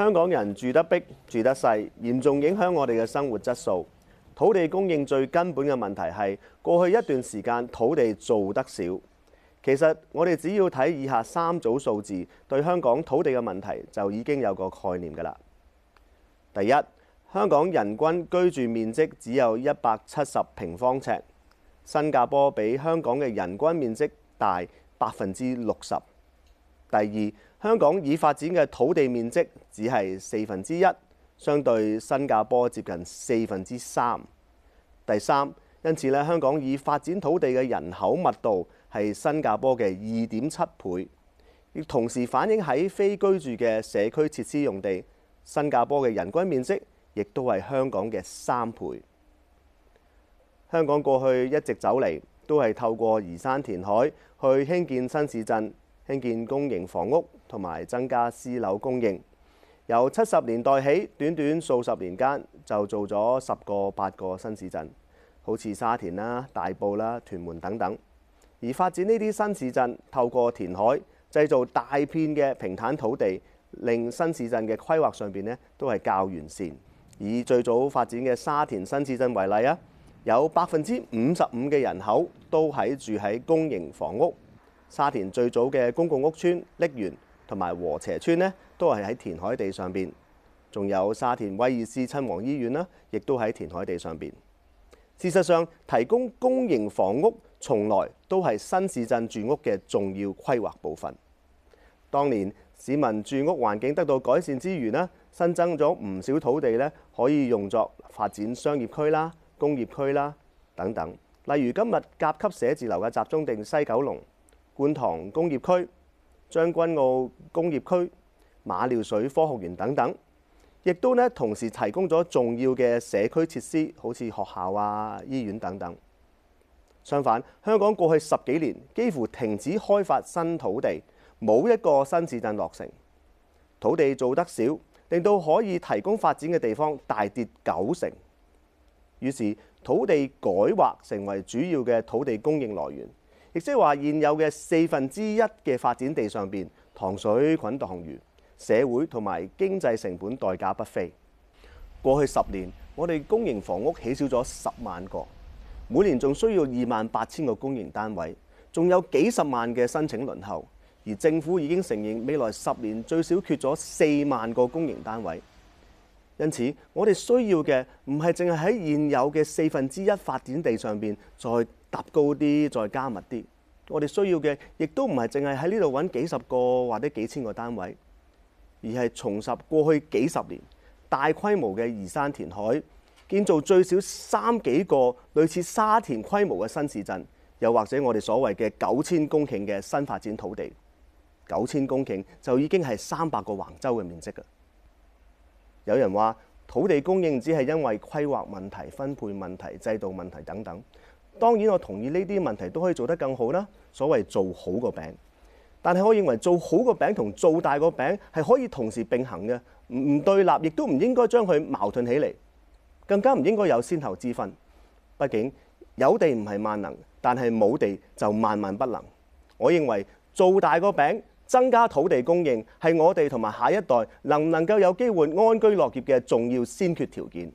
香港人住得逼，住得細，嚴重影響我哋嘅生活質素。土地供應最根本嘅問題，係過去一段時間土地做得少。其實我哋只要睇以下三組數字，對香港土地嘅問題就已經有個概念㗎啦。第一，香港人均居住面積只有一百七十平方尺，新加坡比香港嘅人均面積大百分之六十。第二，香港已發展嘅土地面積只係四分之一，相對新加坡接近四分之三。第三，因此咧，香港已發展土地嘅人口密度係新加坡嘅二點七倍，亦同時反映喺非居住嘅社區設施用地。新加坡嘅人均面積亦都係香港嘅三倍。香港過去一直走嚟都係透過移山填海去興建新市鎮。興建公營房屋同埋增加私樓供應，由七十年代起，短短數十年間就做咗十個八個新市鎮，好似沙田啦、大埔啦、屯門等等。而發展呢啲新市鎮，透過填海製造大片嘅平坦土地，令新市鎮嘅規劃上邊呢都係較完善。以最早發展嘅沙田新市鎮為例啊，有百分之五十五嘅人口都喺住喺公營房屋。沙田最早嘅公共屋邨瀝源同埋禾輋邨咧，都係喺填海地上邊。仲有沙田威爾斯親王醫院啦，亦都喺填海地上邊。事實上，提供公營房屋從來都係新市鎮住屋嘅重要規劃部分。當年市民住屋環境得到改善之餘啦，新增咗唔少土地咧，可以用作發展商業區啦、工業區啦等等。例如今日甲級寫字樓嘅集中地西九龍。觀塘工業區、將軍澳工業區、馬料水科學園等等，亦都呢同時提供咗重要嘅社區設施，好似學校啊、醫院等等。相反，香港過去十幾年幾乎停止開發新土地，冇一個新市鎮落成，土地做得少，令到可以提供發展嘅地方大跌九成。於是土地改劃成為主要嘅土地供應來源。亦即係話，現有嘅四分之一嘅發展地上面塘水滾塘魚，社會同埋經濟成本代價不菲。過去十年，我哋公營房屋起少咗十萬個，每年仲需要二萬八千個公營單位，仲有幾十萬嘅申請輪候。而政府已經承認未來十年最少缺咗四萬個公營單位。因此，我哋需要嘅唔係淨係喺現有嘅四分之一發展地上邊再搭高啲、再加密啲。我哋需要嘅亦都唔係淨係喺呢度揾幾十個或者幾千個單位，而係重拾過去幾十年大規模嘅移山填海，建造最少三幾個類似沙田規模嘅新市鎮，又或者我哋所謂嘅九千公頃嘅新發展土地。九千公頃就已經係三百個橫洲嘅面積。有人話土地供應只係因為規劃問題、分配問題、制度問題等等。當然，我同意呢啲問題都可以做得更好啦。所謂做好個餅，但係我認為做好個餅同做大個餅係可以同時並行嘅，唔對立，亦都唔應該將佢矛盾起嚟，更加唔應該有先後之分。畢竟有地唔係萬能，但係冇地就萬萬不能。我認為做大個餅，增加土地供應，係我哋同埋下一代能唔能夠有機會安居樂業嘅重要先決條件。